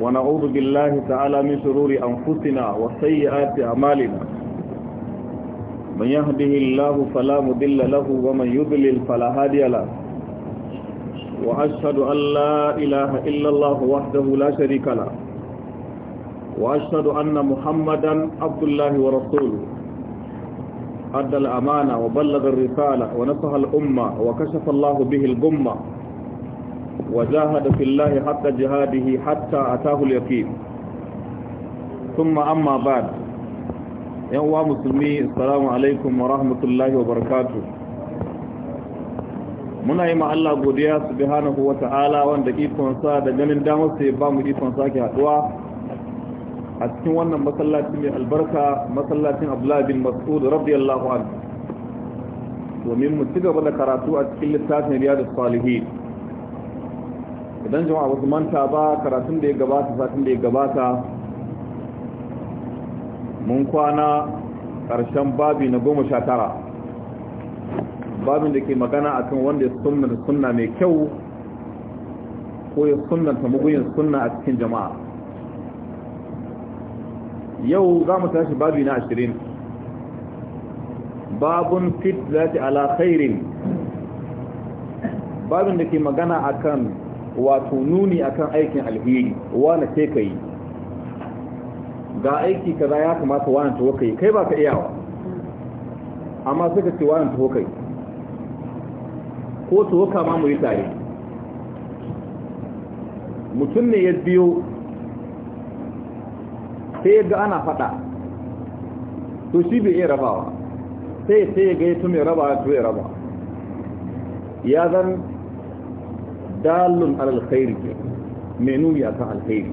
ونعوذ بالله تعالى من شرور أنفسنا وسيئات أعمالنا من يهده الله فلا مضل له ومن يضلل فلا هادي له وأشهد أن لا إله إلا الله وحده لا شريك له وأشهد أن محمدا عبد الله ورسوله أدى الأمانة وبلغ الرسالة ونصح الأمة وكشف الله به الجمة وجاهد في الله حق جهاده حتى أتاه اليقين ثم أما بعد يوم مسلمي السلام عليكم ورحمة الله وبركاته muna yi Allah godiya subhanahu wa ta'ala wanda ikonsa da ganin damar ya ba mu ikonsa ke haduwa a cikin wannan masallacin mai albarka masallacin abdullahi bin mas'ud radiyallahu anhu domin mu ci gaba da karatu a cikin littafin riyadus salihin idan jama'a su manta ba karatun da ya gabata satin da ya gabata mun kwana ƙarshen babi na goma sha tara babin da ke magana akan wanda ya sunnata sunna mai kyau ko ya sunnata muguyin sunna a cikin jama'a yau za mu tashi babi na ashirin babun fit ta ala khairin babin da ke magana akan wato nuni akan aikin alheri wani sai ka yi ga aiki kaza ya kamata wani taho ka yi kai ba ka iyawa amma suka ce wani taho ka yi ko tuwo ka ma mu yi tare mutum ne ya biyo sai yadda ana fada to shi bai iya rabawa sai sai ya ga ya tumi raba ya raba ya zan dalun alal khairi mai nuni akan alkhairi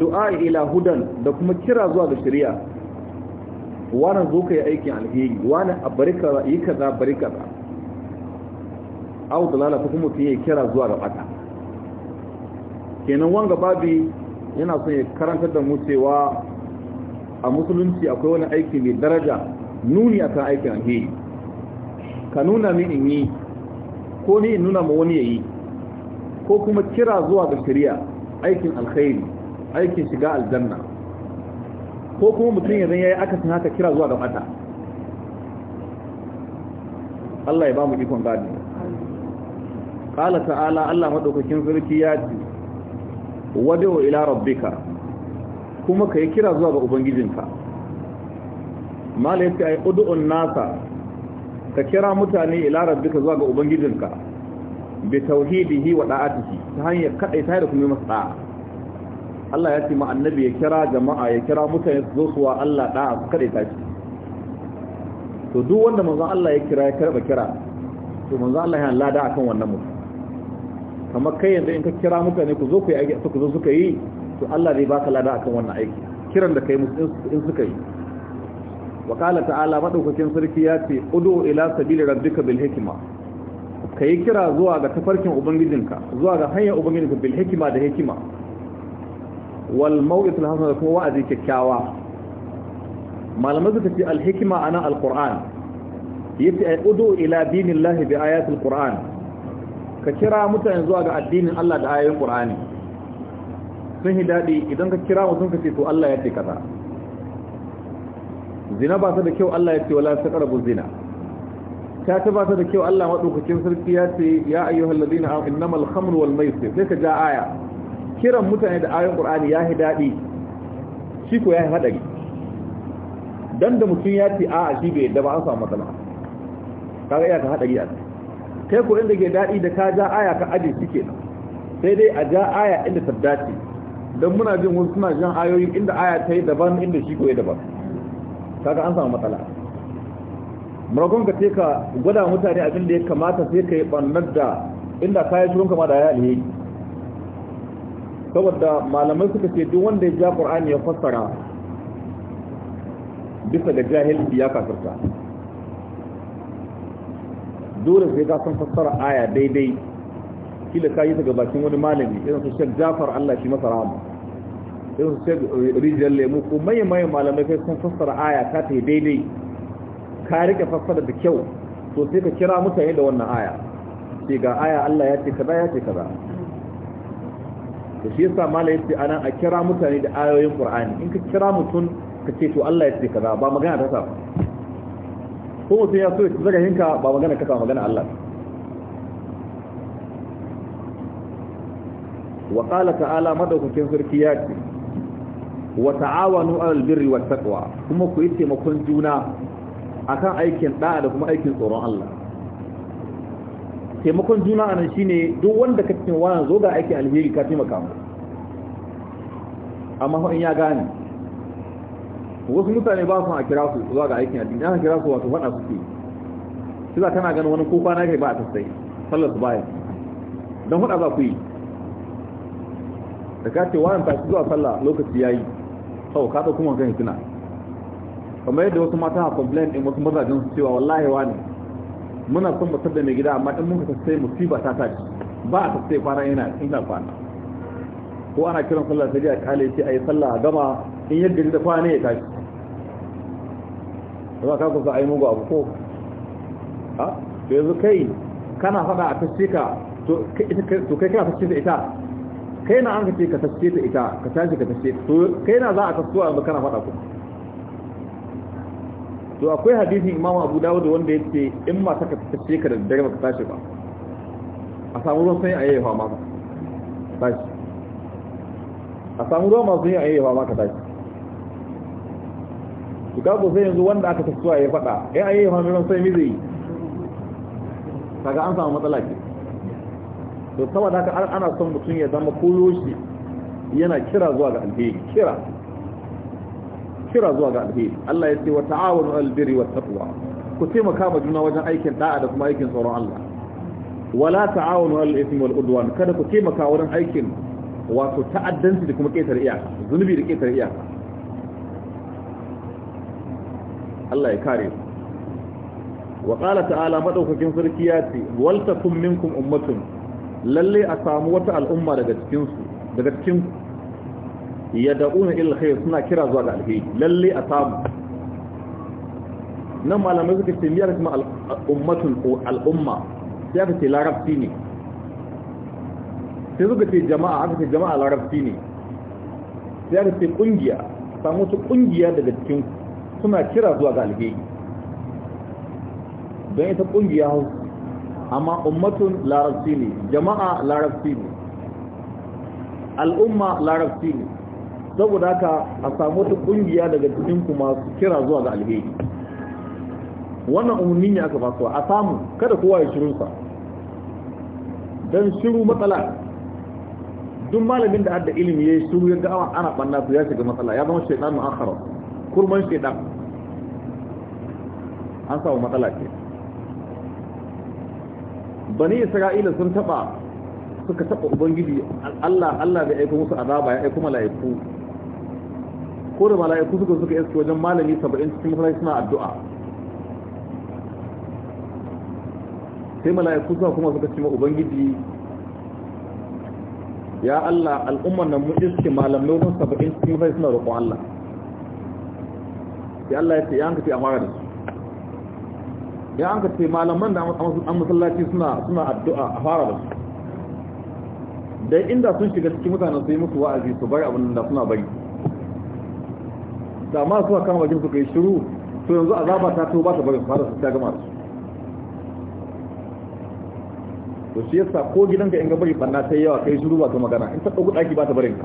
du'a ila hudan da kuma kira zuwa ga shari'a wani zo ka yi aikin alheri wani a barika yi kaza barika ba au dalala lalata kuma ya kira zuwa ga bata kenan wanga babi yana son ya karantar da mu cewa a musulunci akwai wani aiki mai daraja nuni akan aikin alheri ka nuna min in yi ko ni in nuna ma wani yayi ko kuma kira zuwa ga shari'a aikin alkhairi aikin shiga aljanna ko kuma mutum ya zan yayi san haka kira zuwa ga mata Allah ya ba mu ikon gadi qala ta'ala Allah madaukakin sarki ya ce wadu ila rabbika kuma kai kira zuwa ga ubangijinka mala yace ai ud'un nasa ka kira mutane ila rabbika zuwa ga ubangijinka bi tauhidihi wa da'atihi ta hanyar kadai ta da kuma masa da'a Allah ya ce ma annabi ya kira jama'a ya kira mutane su zo su wa Allah da'a su kadai ta shi to duk wanda manzo Allah ya kira ya karba kira to manzo Allah ya lada akan wannan mutum kamar kai yanzu in ka kira mutane ku zo ku yi aiki ku zo suka yi to Allah zai baka lada akan wannan aiki kiran da kai musu in suka yi wakala ta'ala madaukakin sarki ya ce udu ila sabili rabbika bil Ka yi kira zuwa ga tafarkin ubangijinka zuwa ga hanyar ubangijinka bil hikima da hikima wal mawqitul hasana kuma wa'azi kyakkyawa malamai suka ce al hikma ana al qur'an yace ay udu ila dinillahi bi ayatil qur'an ka kira mutane zuwa ga addinin Allah da ayoyin qur'ani sun hidadi idan ka kira mutum ka ce to Allah ya ce kaza zina ba ta da kyau Allah ya ce wala taqrabu zina ta ta ba ta da kyau Allah madaukakin sarki ya ce ya ayyuhal ladina amanu innamal khamru wal maisir sai ka ja aya kiran mutane da ayoyin Qur'ani ya hi dadi shi ko ya hadari dan da mutum ya ce a shi bai da ba an samu matsala kaga iya ka hadari a kai ko inda ke dadi da ka ja aya ka aje shike kenan sai dai a ja aya inda ta dace dan muna jin wasu suna jan ayoyi inda aya ta yi daban inda shi ko ya daban kaga an samu matsala marakon ka ce ka gwada mutane abin da ya kamata sai ka yi ɓannar da inda kayan shirin kama da ya yi saboda malamai suka ce duk wanda ya ja ƙur'ani ya fassara bisa ga jahil ya kafirta dole sai ka san fassara aya daidai kila ka yi ta gabashin wani malami irin su shek jafar allah shi masa sai su ce rijiyar lemu ko mayan malamai sai sun fassara aya ta ta daidai ka rike fassara da kyau to sai ka kira mutane da wannan aya sai ga aya Allah ya ce kaza ya ce kaza to shi yasa malai yace ana a kira mutane da ayoyin Qur'ani in ka kira mutum ka ce to Allah ya ce kaza ba magana ta sa ko mutum ya so ya zaga hinka ba magana ka sa magana Allah wa qala ta'ala madaukakin sarki ya ce wa ta'awanu alal birri wat taqwa kuma ku yi taimakon juna akan aikin da'a da kuma aikin tsoron Allah taimakon juna anan shine duk wanda ka cikin wani zo ga aikin alheri ka taimaka mu amma fa in ya gane wasu mutane ba su a kira su zuwa ga aikin addini an kira su wato fada suke su za kana ganin wani ko kwana kai ba a tasai sallar su baya don faɗa za ku yi da ka ce wani ta zuwa sallah lokaci ya yi tsawo ka ɗauki wankan hitina kamar yadda wasu mata a complain ɗin wasu mazajen su cewa wallahi wani muna son batar da mai gida amma in muka sai musiba ta tashi ba a sai kwana yana ina kwana ko ana kiran sallah sai a kale sai a yi sallah a gama in yadda da kwana ya tashi ba ka kusa a yi mugu abu ko a to yanzu kai kana faɗa a tashi ka to kai kana tashi da ita kai na an ka ce ka tasce ta ita ka tashi ka tasce to kai na za a kasuwa a kana faɗa ku to akwai hadisin imam abu dawud wanda ya ce in ma ta ka tasce ka da dare ba ka tashi ba a samu ruwan sanyi a yayi ma ka tashi a samu ruwan masu yin a yayi ka tashi to ka sai yanzu wanda aka tassuwa ya faɗa ya eh, yayi hawa mai ruwan sanyi zai kaga an samu matsala ke to saboda haka ana son mutum ya zama koyo shi yana kira zuwa ga alheri kira kira zuwa ga alheri Allah ya ce wa ta'awunu albirri wat taqwa ku taimaka ma juna wajen aikin da'a da kuma aikin tsaron Allah wala ta'awunu al ithmi wal udwan kada ku taimaka wurin aikin wato ta'addanci da kuma ƙetare iyaka zunubi da ƙetare iyaka Allah ya kare wa qala ta'ala madaukakin sarki ya ce wal takum minkum ummatun lalle a samu wata al'umma daga cikin su daga cikin yad'una ila alkhair suna kira zuwa ga alheri lalle a samu nan malamai suka ce miyar kuma al'ummatun al'umma sai aka ce larabci ne sai suka ce jama'a aka ce jama'a larabci ne sai aka ce kungiya samu wata kungiya daga cikinku. suna kira zuwa ga alheri don ita kungiya amma ummatun larabci ne jama'a larabci ne al'umma larabci ne saboda ka a samu wata kungiya daga cikin masu kira zuwa ga alheri wannan umarni ne aka fasuwa a samu kada kowa ya shirinsa don shiru matsala duk malamin da adda ilimi ya shiru ya ga ana banna su ya shiga matsala ya zama shaidan mu akhara kurman shaidan an samu matsala ke. bani isra'ila sun taba suka taba ubangiji Allah Allah bai aika musu azaba ya aika mala'iku ko da mala'iku suka suka iske wajen malami 70 cikin masallaci suna addu'a sai mala'iku suka kuma suka ce ubangiji ya Allah al'umman nan mun iske malamai wajen 70 cikin masallaci suna roƙon Allah sai Allah ya ce ya hanka ce amara da su ya an ka ce malaman da an masallaci suna suna addu'a a fara da su dai inda sun shiga cikin mutanen su yi musu wa'azi su bari abin da suna bari da ma ka kama wajen su yi shiru to yanzu azaba ta to ba ta bari fara su ta gama su to shi yasa ko gidanka in ga bari banna ta yawa kai shiru ba ta magana in ta dauki daki ba ta barin ka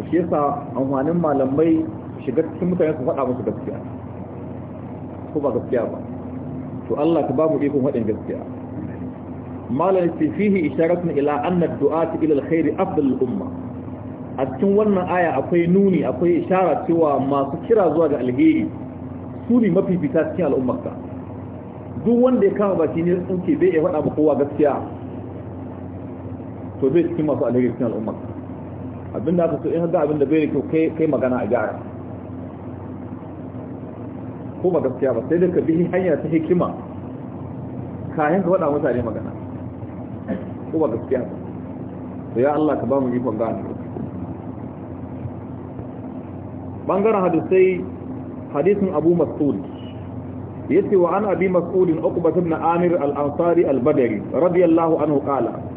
to shi yasa amfanin malamai shiga cikin mutane su faɗa musu gaskiya ko ba gaskiya ba to Allah ka babu ikon wadin gaskiya malam fi fihi isharatun ila anna du'ati ila alkhair afdal umma a cikin wannan aya akwai nuni akwai ishara cewa masu kira zuwa ga alheri su ne fita cikin al'ummarka duk wanda ya kama baki ne ce bai iya faɗa ba kowa gaskiya to bai cikin masu alheri cikin al'ummarka abinda aka so in hada abinda bai da kyau kai magana a gyara ko ba gaskiya ba sai da ka bi hanya ta hikima kayan ka wada mutane magana ko ba gaskiya ba to ya Allah ka ba mu ikon gane bangaren hadisai hadisun Abu Mas'ud yace wa an abi mas'ud uqbah ibn amir al-ansari al-badri radiyallahu anhu qala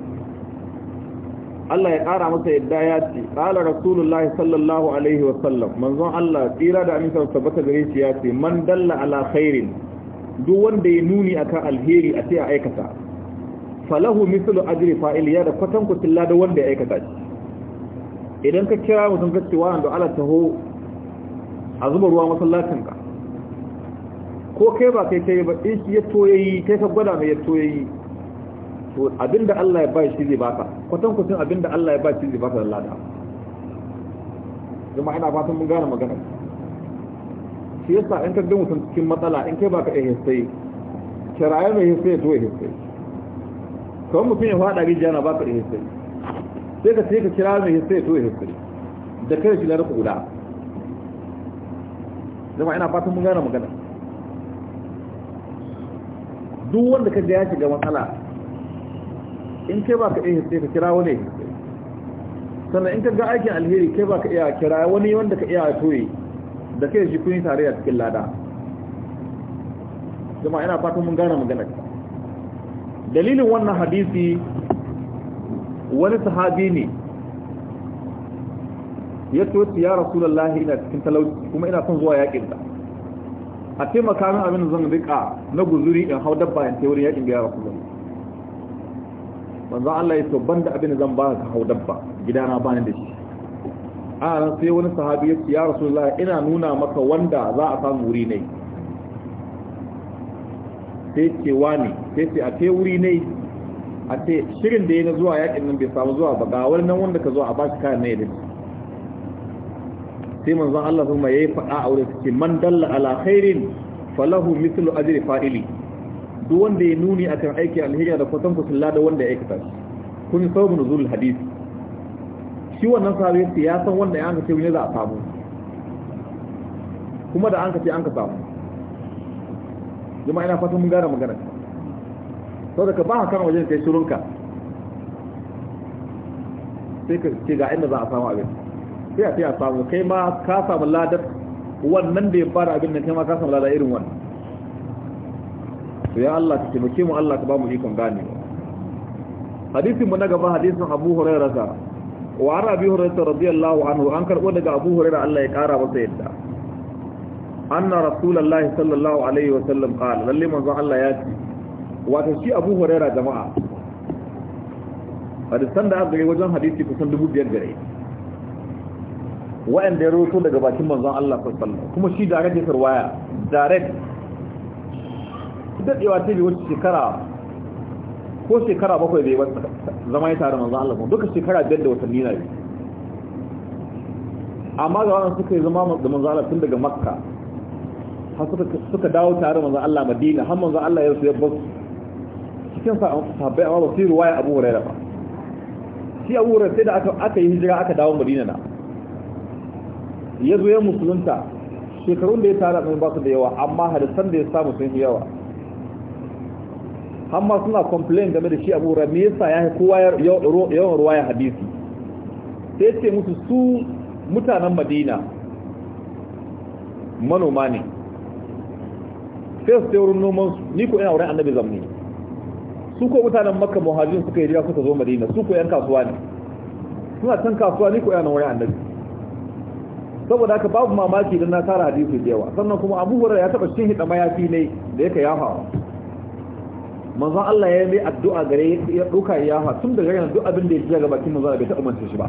Allah ya ƙara masa yadda ya ce ƙala rasulullahi sallallahu alaihi wasallam manzon Allah tsira da wasu tabbata gare shi ya ce man dalla ala khairin duk wanda ya nuni akan alheri a sai a aikata falahu misalu ajiri fa'il ya da kwatan kutin da wanda ya aikata shi idan ka kira mutum ka ce wa'anda Allah taho a zuba ruwa masallacin ka ko kai ba kai kai ba in shi ya yi, kai ka gwada mai ya yi. abinda Allah ya bai shi zai baka kwatan kusin abinda Allah ya bai shi zai baka da lada zama ina fatan mun gane magana shi yasa in ka ga mutum cikin matsala in kai baka eh sai kirayen mai sai to eh sai kawai mutum ya faɗa rijiya na baka eh sai sai ka sai ka kira mai sai to eh sai da kai shi na ruku guda ina fatan mun gane magana duk wanda ka ga ya shiga matsala in kai baka iya sai ka kira wani sannan in ka ga aikin alheri kai baka iya kira wani wanda ka iya toye da kai shi kun yi tare a cikin lada jama'a ina fatan mun gane maganar dalilin wannan hadisi wani sahabi ne ya ce ya rasulullahi ina cikin talauci kuma ina son zuwa yakin da a taimaka min abin zan rika na guzuri in hau dabba in tewurin yakin da ya rasulullahi manzo Allah ya ban da abin zan ba ka hau dabba gidana ba ni da shi a ran sai wani sahabi ya ce ya rasulullahi ina nuna maka wanda za a samu wuri ne sai ce wani sai ce a ce wuri ne a ce shirin da ya na zuwa yakin nan bai samu zuwa ba ga wani nan wanda ka zuwa a ba shi kayan na yadda sai manzo Allah kuma yayi fada a wurin ce man dalla ala khairin falahu mithlu ajri fa'ili duk wanda ya nuni akan aiki alheri da kwatan kusun lada wanda ya aikata shi kun yi sabon zuwa hadisi shi wannan sahabi yace ya san wanda ya anka wani za a samu kuma da anka ce ka samu jama'a ina fatan mun gara magana saboda ka ba ka wajen kai shirunka sai ka ce ga inda za a samu abin sai a ce a samu kai ma ka samu ladar wannan da ya fara abin da kai ma ka samu ladar irin wannan to ya Allah ka taimake mu Allah ka ba mu ikon ganewa hadisin mu na gaba hadisin Abu Hurairah ta wa Abi Hurairah radiyallahu anhu an karbo daga Abu Hurairah Allah ya kara masa yadda anna rasulullahi sallallahu alaihi wa sallam qala lalle manzo Allah ya ce wato shi Abu Hurairah jama'a hadisan da aka wajen hadisi kusan 2500 gare wa'anda ya roto daga bakin manzon Allah sallallahu kuma shi da rage waya. direct dadewa ta bi wacce shekara ko shekara bakwai bai wata zama ya tare manzan Allah duka shekara biyar da watanni na biyu amma ga wannan suka yi zama da manzan Allah tun daga makka har suka dawo tare manzan Allah madina har manzan Allah ya su ya basu cikin sahabbai amma ba su yi ruwaya abu huraira ba shi abu huraira sai da aka yi hijira aka dawo madina na ya zo ya musulunta shekarun da ya tare a ba su da yawa amma hadisan da ya samu sun yi yawa amma suna complain game da shi abu hurairah me yasa ya kowa yawan ruwaya hadisi sai ce musu su mutanen madina manoma ne sai su noman nomansu ni ko yana wurin annabi zamani su ko mutanen makka muhajirin suka yi riya suka zo madina su ko yan kasuwa ne suna can kasuwa ni ko yana wurin annabi saboda haka babu mamaki don na tara hadisi da yawa sannan kuma abubuwar ya taba shin ya mayafi ne da ka yafawa manzon Allah ya yi addu'a gare ya duka ya fa tun daga yana duk abin da yake ga bakin manzon Allah bai ta manta shi ba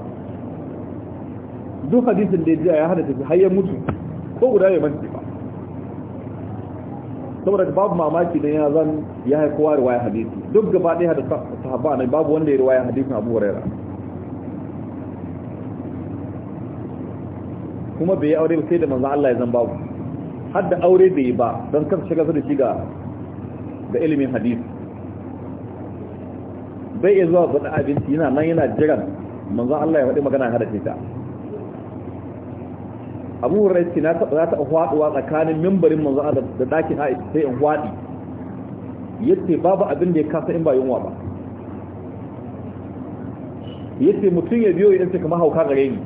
duk hadisin da ya ya hada shi har ya mutu ko guda ya mutu ba saboda babu mamaki da yana zan ya haifi kowa riwaya hadisi duk gaba ɗaya da sahaba ne babu wanda ya riwaya hadisin Abu Hurairah kuma bai yi aure sai da manzon Allah ya zan babu har da aure bai yi ba don kan shiga su da shi ga ilimin hadisi bai iya zuwa faɗin abinci yana nan yana jiran manzan Allah ya faɗi magana hada ce ta abu hurairu na taɓa za ta faɗuwa tsakanin mimbarin manzan Allah da ɗakin Aisha sai in faɗi yace babu abin da ya kasa in ba yunwa ba yace mutum ya biyo yadda ce kamar hauka gare ni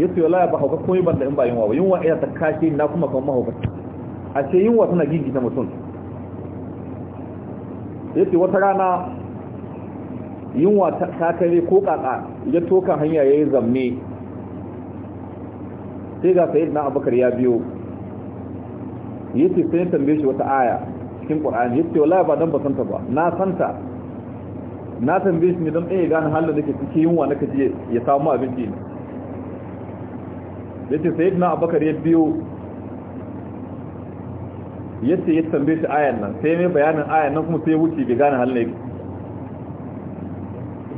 yace ya ba hauka komai banda in ba yunwa ba yunwa ina ta kashe na kuma kamar mahauka a ce yunwa tana gigita mutum yace wata rana yunwa ta kare ko kaka ya toka hanya ya yi zamne sai ga sayid na abubakar ya biyo ya ce sai tambaye shi wata aya cikin ƙwar'ani ya ce wala ba don ba santa ba na santa na tambaye shi ne don ɗaya gane halin da ke cikin yunwa na kaji ya samu abinci ya ce sayid na abubakar ya biyo ya ce ya tambaye shi ayan nan sai mai bayanin ayan nan kuma sai wuce bai gane halin da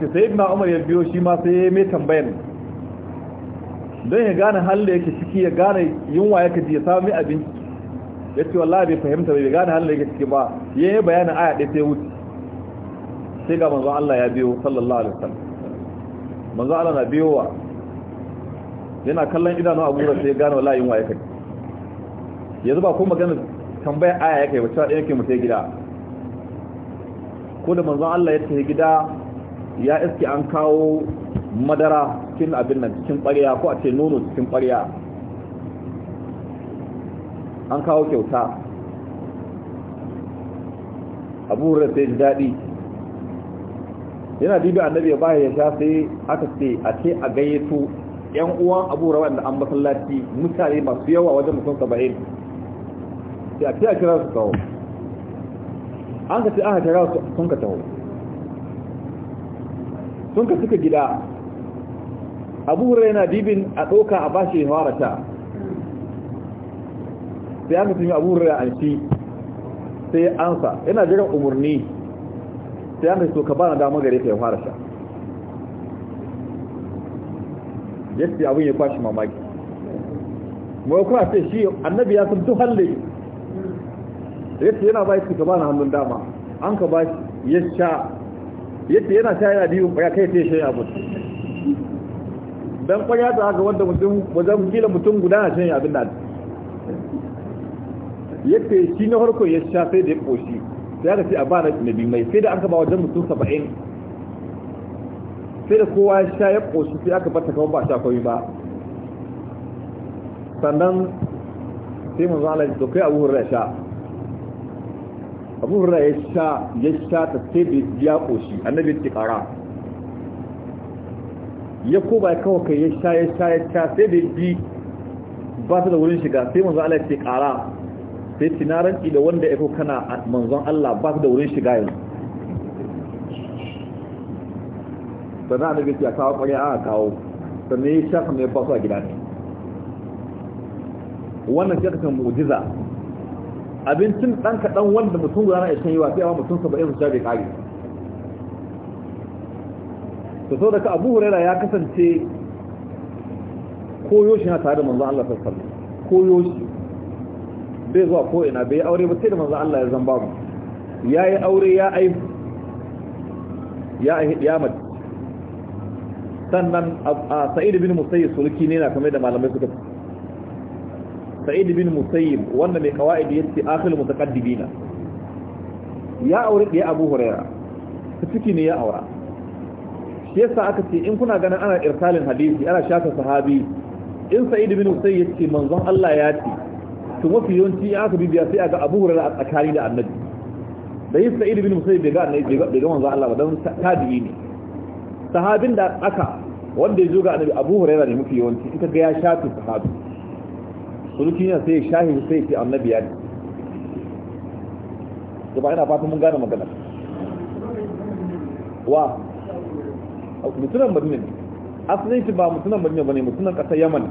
ce sai ibn umar ya biyo shi ma sai ya mai tambayan don ya gane hal da yake ciki ya gane yunwa yake ji ya sami abinci ya ce wallahi bai fahimta bai gane hal da yake ciki ba ya yi bayanin aya ɗaya sai wuce sai ga manzo Allah ya biyo sallallahu alaihi wasallam manzo Allah na biyowa yana kallon idanu a gurin sai ya gane wallahi yunwa yake yanzu ba ko magana tambayar aya yake ba cewa ɗaya yake mutai gida ko da manzon Allah ya tafi gida ya iske an kawo madara cikin abin nan cikin ƙwarya ko a ce nono cikin ƙwarya an kawo kyauta abu hurra sai ji daɗi yana bibi annabi ya baya ya sha sai aka ce a ce a gayyato yan uwan abu wanda da an masallaci mutane masu yawa wajen mutum saba'in sai a ce a kira su kawo an ka ce aka kira su sun ka taho sun ka suka gida abu hura yana dibin a ɗauka a bashi warata sai aka tuni abu hura an shi sai ya ansa yana jiran umarni sai aka so ka bana dama gare ka ya fara sha yadda abin ya kwashi mamaki mai kuma sai shi annabi ya sun tuhalle yadda yana ba shi ka bana hannun dama an ka ba ya sha yadda yana ta yana biyu kwaya kai sai shanya abu don kwaya ta haka wanda mutum wajen kila mutum guda na shanya abin da yadda shi na farko ya sha sai da ya koshi sai ka ce a ba na nabi mai sai da aka ba wajen mutum saba'in sai da kowa ya sha ya koshi sai aka bata kawo ba sha kawai ba sannan sai mun zala da kai abu hurra sha abu ra ya sha ya sha ta sai da ya koshi annabi tikara ya ko ba kawo kai ya sha ya sha ya sha sai da bi ba ta da wurin shiga sai manzo Allah ya ce ƙara sai tinaranci da wanda ya kana manzan Allah ba ta da wurin shiga yanzu sannan annabi ya kawo kwari a kawo sannan ya sha kamar ya faso a gida ne wannan sai ka san mu'jiza abincin ɗan dan wanda mutum guda na ya yi wa sai yawa mutum saba'in su shabe ƙari Da sau daga abu huraira ya kasance koyo shi na tare da manzan Allah Sassan. koyo shi bai zuwa ko'ina bai aure ba sai da manzan Allah ya zan babu ya yi aure ya aihu ya aihi ɗiyamar sannan a sa'id bin musayi sulki ne na kamar da malamai suka sa'id bin musayyib wanda mai kawaid yace akhil mutaqaddibina ya aure da Abu Huraira ta fiki ne ya aura shi yasa aka ce in kuna ganin ana irsalin hadisi ana shafa sahabi in sa'id bin musayyib yace manzon Allah ya ci. to mafi yawanci ya aka bibiya sai aga Abu Huraira a tsakani da Annabi da yin sa'id bin musayyib bai ga Annabi bai ga manzon Allah ba dan tabi'i ne sahabin da aka wanda ya zo ga Annabi Abu Huraira ne mafi yawanci in ka ga ya shafi sahabi suruki yana sai ya shahi sai ya ce annabi nabiya ne gaba ina fata mun gane magana wa mutunan madina ne asalin shi ba mutunan madina ba ne mutunan ƙasar yaman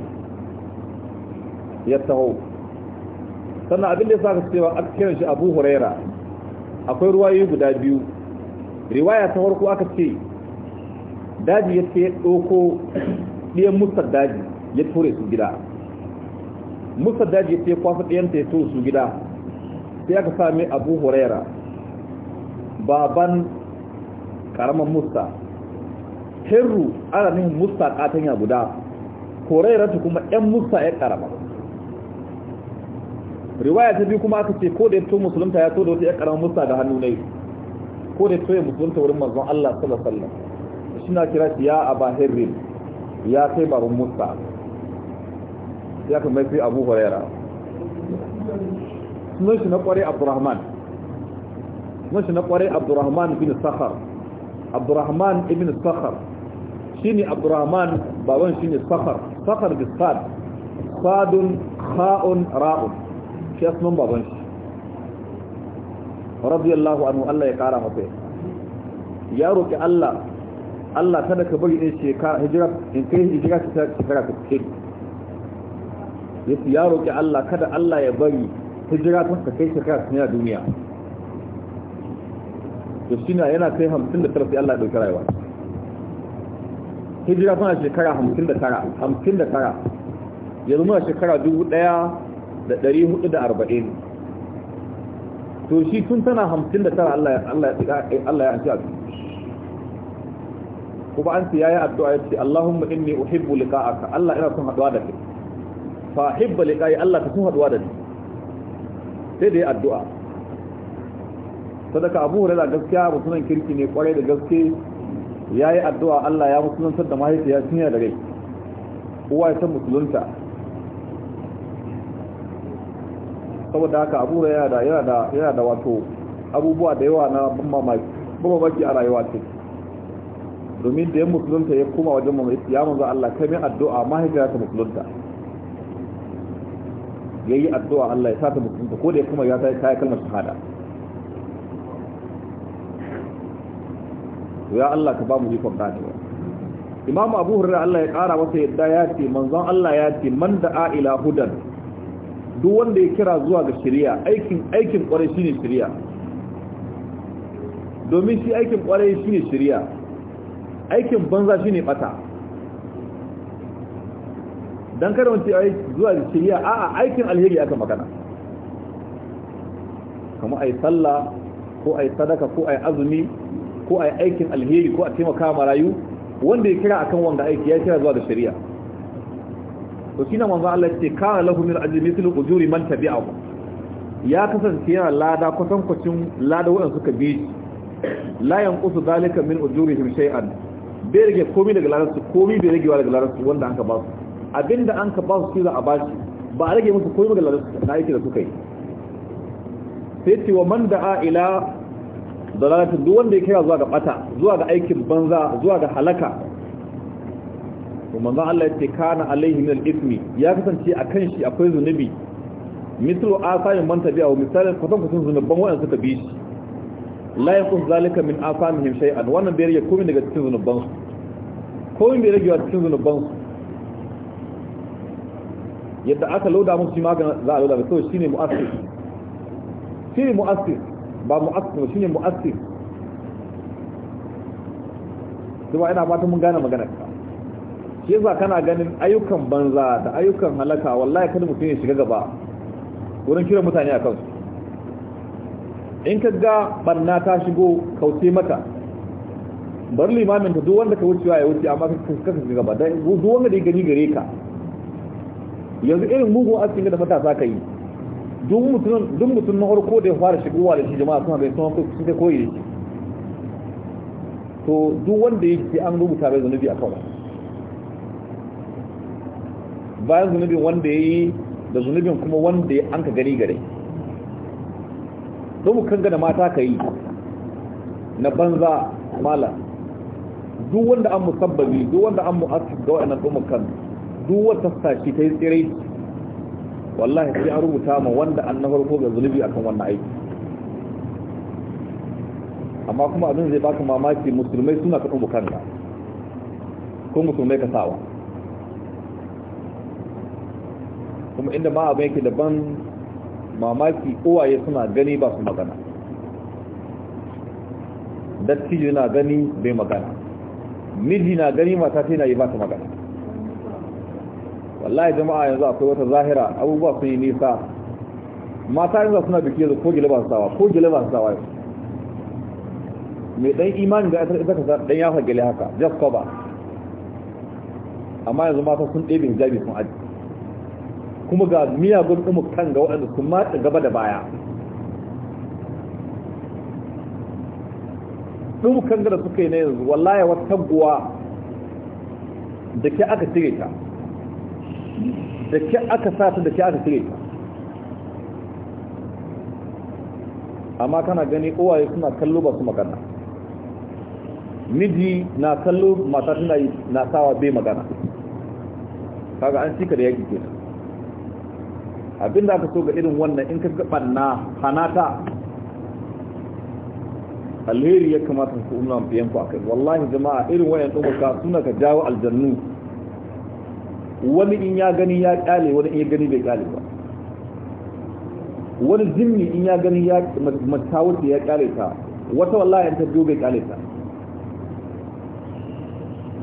ya taho sannan abin da ya sa ka cewa aka kiran shi abu huraira akwai ruwayoyi guda biyu riwaya ta farko aka ce daji ya ce ya ɗoko ɗiyan mustar daji ya ture su gida musa daji sai kwasa ɗayan ta ya to su gida sai aka sami abu huraira baban karamin musa hirru ana musta musa ya guda huraira ta kuma ɗan musa ya karama riwaya ta biyu kuma aka ce ko da ya to musulunta ya to da wata ya karamin musa da hannu yi ko da ya to ya musulunta wurin manzon Allah sallallahu alaihi wasallam na kira shi ya aba hirrin ya kai baban musa ya kan mai sai abu huraira sunan shi na kware abdurrahman sunan shi na kware abdurrahman bin sakhar abdurrahman ibn sakhar shine abdurrahman baban shine sakhar sakhar bi sad sadun kha'un ra'un shi asman baban shi radiyallahu anhu Allah ya kara masa ya roki Allah Allah kada ka bari in shekara hijira in kai hijira ta shekara ta yace ya roki Allah kada Allah ya bari hijira ta kai shekara ta duniya to shine yana kai 59 sai Allah ya ɗauki rayuwa hijira tana shekara da tara, da tara. yanzu muna shekara dubu ɗaya da ɗari 1440 to shi tun tana 59 da tara, Allah ya Allah ya anci kuma an ce yi addu'a ya ce, Allahumma inni uhibbu liqa'aka Allah ina son haɗuwa da kai fa hibba liqai Allah ka sun haduwa da ni sai dai addu'a sadaka Abu Hurairah gaskiya mutumin kirki ne kwarai da gaske yayi addu'a Allah ya musulun da mahaifiya cinya da rai uwa ya san musulunta saboda haka Abu Hurairah da yana da da wato abubuwa da yawa na ban mamaki a rayuwa ce domin da ya musulunta ya koma wajen mamaki ya manzo Allah kai min addu'a mahaifiya ta musulunta ya yi addu'a Allah ya sa ta mutunta ko da ya kuma ya ta yi kalmar shahada ya Allah ka ba mu ikon ganewa imamu abu hurra Allah ya kara masa yadda ya ce manzon Allah ya ce man da a'ila hudan duk wanda ya kira zuwa ga shari'a aikin aikin kwarai shine shari'a domin shi aikin kwarai shine shari'a aikin banza shine bata don kada ce ai zuwa a a'a aikin alheri aka magana kamar ai sallah ko ai sadaka ko ai azumi ko ai aikin alheri ko a taimaka marayu wanda ya kira akan wanda aiki ya kira zuwa da shari'a to shi na manzo Allah ce ka lahu min ajri mithl ujuri man tabi'ahu ya kasance yana lada kwatan kwacin lada wanda suka bi la yanqusu zalika min ujurihim shay'an bai rage komai daga ladarsu komai bai ragewa daga ladarsu wanda aka ba su abinda an ka ba su shi za a bashi ba a rage musu koyi magana na aiki da suka yi sai ce wa man da'a ila dalalatin duk wanda ya kira zuwa ga bata zuwa ga aikin banza zuwa ga halaka kuma Allah ya ce kana alaihi min al-ithmi ya kasance akan shi akwai zunubi mislu asayin man tabi'a wa misalan kwatan kwatan zunuban wanda suka bi shi la yaqus zalika min asamihim shay'an wannan bai rage komai daga cikin zunuban su komai bai rage cikin zunuban su yadda aka lauda mun shi magana za a lauda ba kawai shine mu'assis shine mu'assis ba mu'assis shine mu'assis kuma ina ta mun gane magana ka shi yasa kana ganin ayyukan banza da ayyukan halaka wallahi kada mutum ya shiga gaba wurin kiran mutane a kansu in ka ga barna ta shigo kauce mata bar limamin ka duk wanda ka wucewa ya wuce amma ka kasa gaba duk wanda da ya gani gare ka yanzu irin mugun askin da matasa ka yi Dun mutum na harko da ya fara shigowa da shi jama'a suna bai suna kusa da koyi da to duk wanda ya ce an rubuta bai zunubi a kawai bayan zunubin wanda ya yi da zunubin kuma wanda ya an ka gani gare don mu kan gada mata ka yi na banza mala duk wanda an musabbabi duk wanda an mu'asir ga wa'annan ɗumukan duk wata sashi ta yi tsirai wallahi sai an rubuta ma wanda an na farko ga zunubi akan wannan aiki amma kuma abin zai baka mamaki musulmai suna kaɗin bukanda ko musulmai ka sawa kuma inda ma abin yake daban mamaki uwaye suna gani ba su magana dattijo na gani bai magana miji na gani mata sai na yi ba su magana wallahi jama'a yanzu akwai wata zahira abubuwa sun yi nisa mata yanzu suna biki yanzu ko gileba sawa ko gileba sawa mai dan imani da ita ka dan ya fa gile haka just cover amma yanzu mata sun ɗebe hijabi sun aji kuma ga miyagun ɗin kan ga waɗanda sun matsa gaba da baya ɗin kan da suka yi na yanzu wallahi wata taguwa da ke aka cire ta da ke aka sata da ke aka cire amma kana gani uwaye suna kallo ba su magana miji na kallo mata tana na sawa bai magana kaga an cika da yaki ke abinda aka so ga irin wannan in ka na hanata alheri ya kamata ku umma biyan ku kai wallahi jama'a irin wayan dubuka suna ka jawo aljannu wani in ya gani ya kyale wani in ya gani bai kyale ba wani zimmi in ya gani ya matawar da ya kyale ta wata wallahi an tabbiyo bai kyale ta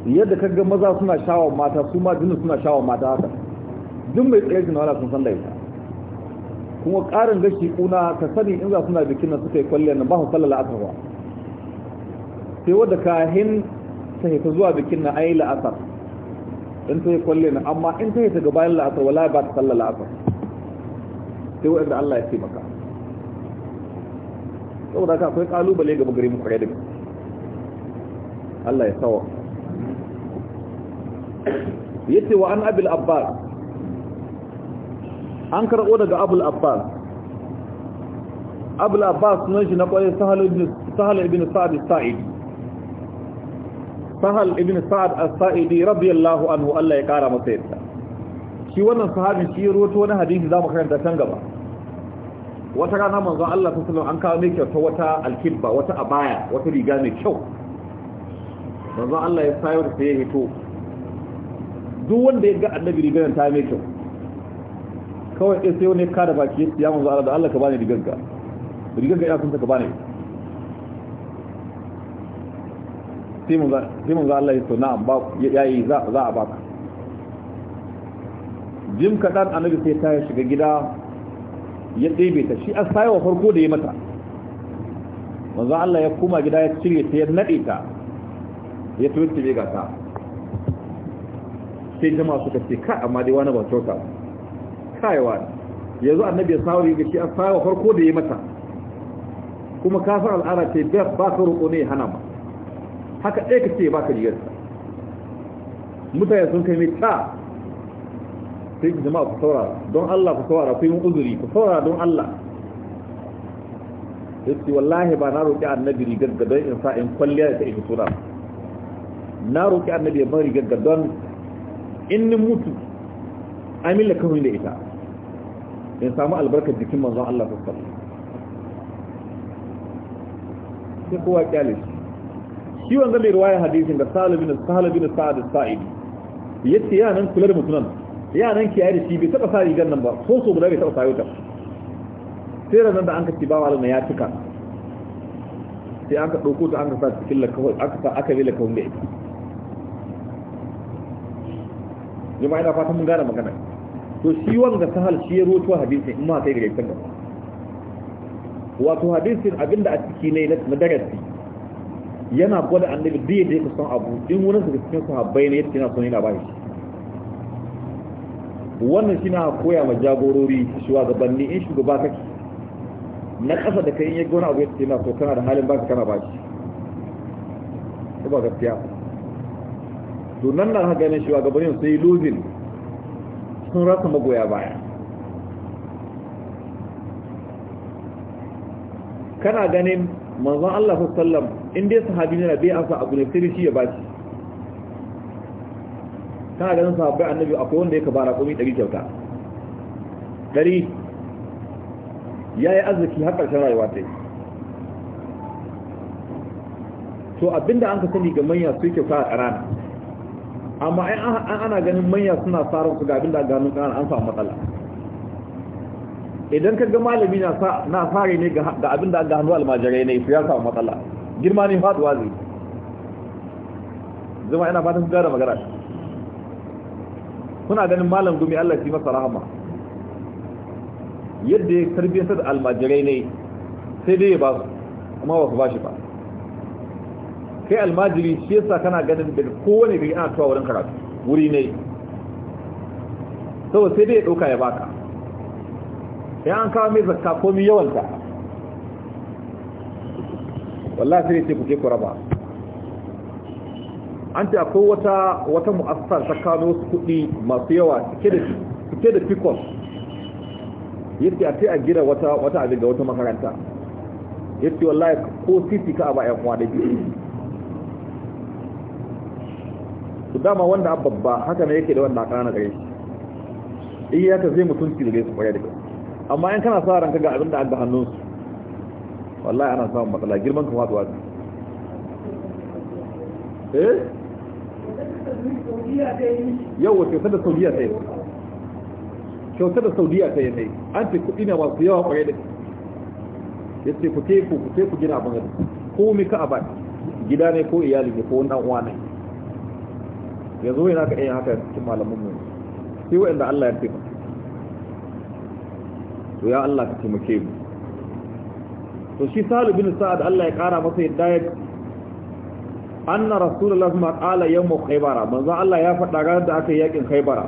yadda kaga maza suna shawar mata su ma jinin suna shawar mata haka duk mai tsaye jinawa sun san da ita kuma ƙarin gashi kuna ka sani in za suna bikin nan suka yi kwalle nan ba su sallala asar ba sai wadda kahin ta zuwa bikin nan ayi la'asar in ta yi kwalle na amma in ta yi ta gabayin la'asar wala ba ta tsalla la'asar sai waɗanda Allah ya ce maka saboda ka akwai kalubale ga magari mu kwaye da Allah ya sawa ce wa an abul abbas an karɓo daga abul abbas abul abbas sunan shi na kwaye sahal ibn sa'id sahal ibn sa'ad as-sa'idi radiyallahu anhu Allah ya kara masa yadda shi wannan sahabi shi ruwato wani hadisi zamu karanta can gaba wata rana manzo Allah sallallahu alaihi wasallam an kawo mai kyauta wata alkibba wata abaya wata riga mai kyau manzo Allah ya sayar da sai ya hito duk wanda ya ga annabi rigar ta mai kyau kawai sai wani ka da baki ya manzo Allah da Allah ka bani rigar ka rigar ga ya kunta ka bani sai mun za Allah ya to na ba yayi za za a baka jim kadan annabi sai ta shiga gida ya ɗebe ta shi an sayawa farko da ya mata manzo Allah ya kuma gida ya cire ta ya naɗe ta ya tuntube ga ta sai jama'a suka ce ka amma dai wani ba kai wa yanzu annabi ya sauri ga shi an sayawa farko da ya mata kuma kafin al'ada ce ba ka roƙo ne hana ba haka ɗaya ka ce ba ka rigarsa mutane sun kai mai ta sai ki jama'a ku saurara don Allah ku saurara ku yi mun uzuri ku saurara don Allah yace wallahi ba na roƙi annabi rigar ga don in sa'in kwalliya da in suna na roƙi annabi ya ban rigar ga don in ni mutu amila kawai da ita in samu albarkar jikin manzon Allah sallallahu alaihi sai kowa kyale shi wanda mai ruwaya hadisin da salibin salibin sa'ad sa'id yace ya nan kula da mutunan ya nan kiyaye da shi bai taba sa rigan nan ba ko so guda bai taba sayo ta sai ran da an ka tiba na ya tuka sai an ka dauko ta an ka sa cikin lakawai aka sa aka bila kawun da ita jama'a ina fata mun gane magana to shi wanda sahal shi ya roto hadisin in ma kai gare ba wato hadisin abinda a ciki ne na darasi yana gwada annabi da yadda yake son abu in wani su cikin sahabbai ne yadda yana son yana bashi wannan shi na koya ma jagorori shugabanni in shugaba kake na ƙasa da kai in yake wani abu yadda yana so kana da halin baka kana bashi Saboda ba gaskiya to nan na haka ganin shugabannin sai lozin sun rasa magoya baya kana ganin manzon Allah sallallahu alaihi wasallam Inda sahabi yana bai amsa abu ne sai shi ya bashi kana ganin sahabbai annabi akwai wanda yake bara komai dari kyauta dari yayi arziki har karshen rayuwa ta to abinda an ka sani ga manya su yake fara karana amma an ana ganin manya suna tsarin su ga abinda ganin karana an samu matsala idan ka ga malami na fare ne ga abinda ga hannu almajirai ne su ya samu matsala girma ne faduwa zai zama yana fatan su gara magana kuna ganin malam gumi Allah shi masa rahama yadda ya tarbiyyar da almajirai ne sai dai ya ba su amma ba su ba shi ba kai almajiri shi yasa kana ganin daga kowane gari ana tuwa wurin karatu wuri ne saboda sai dai ya ɗauka ya baka ya an kawo mai zakka komi yawanta wallahi sai ce ku je ku raba an ta ko wata wata mu'assar ta kano su kuɗi masu yawa cike da cike da pickup yadda a sai a gina wata wata abin ga wata makaranta yadda wallahi ko titi ka ba yan uwa da biyu su dama wanda a babba haka ne yake da wanda a ƙana gare shi iya yaka zai mutunci da gaisu kwaya da kai amma in kana sa ranka ga abin da an ga hannunsu wallahi ana samun matsala girman kan watsuwa ne eh yau kyautar da saudiya ta yi kyautar da saudiya ta yi ne an ce kuɗi ne masu yawa kwaye da ya ce ku teku ku teku gina abin gada ko mika a baki gida ne ko iyali ne ko wannan uwa ne yanzu yana ka iya haka cikin malamin mu sai wa'anda Allah ya taimaka to ya Allah ka taimake mu to shi salu bin sa'ad Allah ya kara masa yadda ya anna rasulullah ma qala yawm khaybara manzo Allah ya faɗa ga da aka yakin khaybara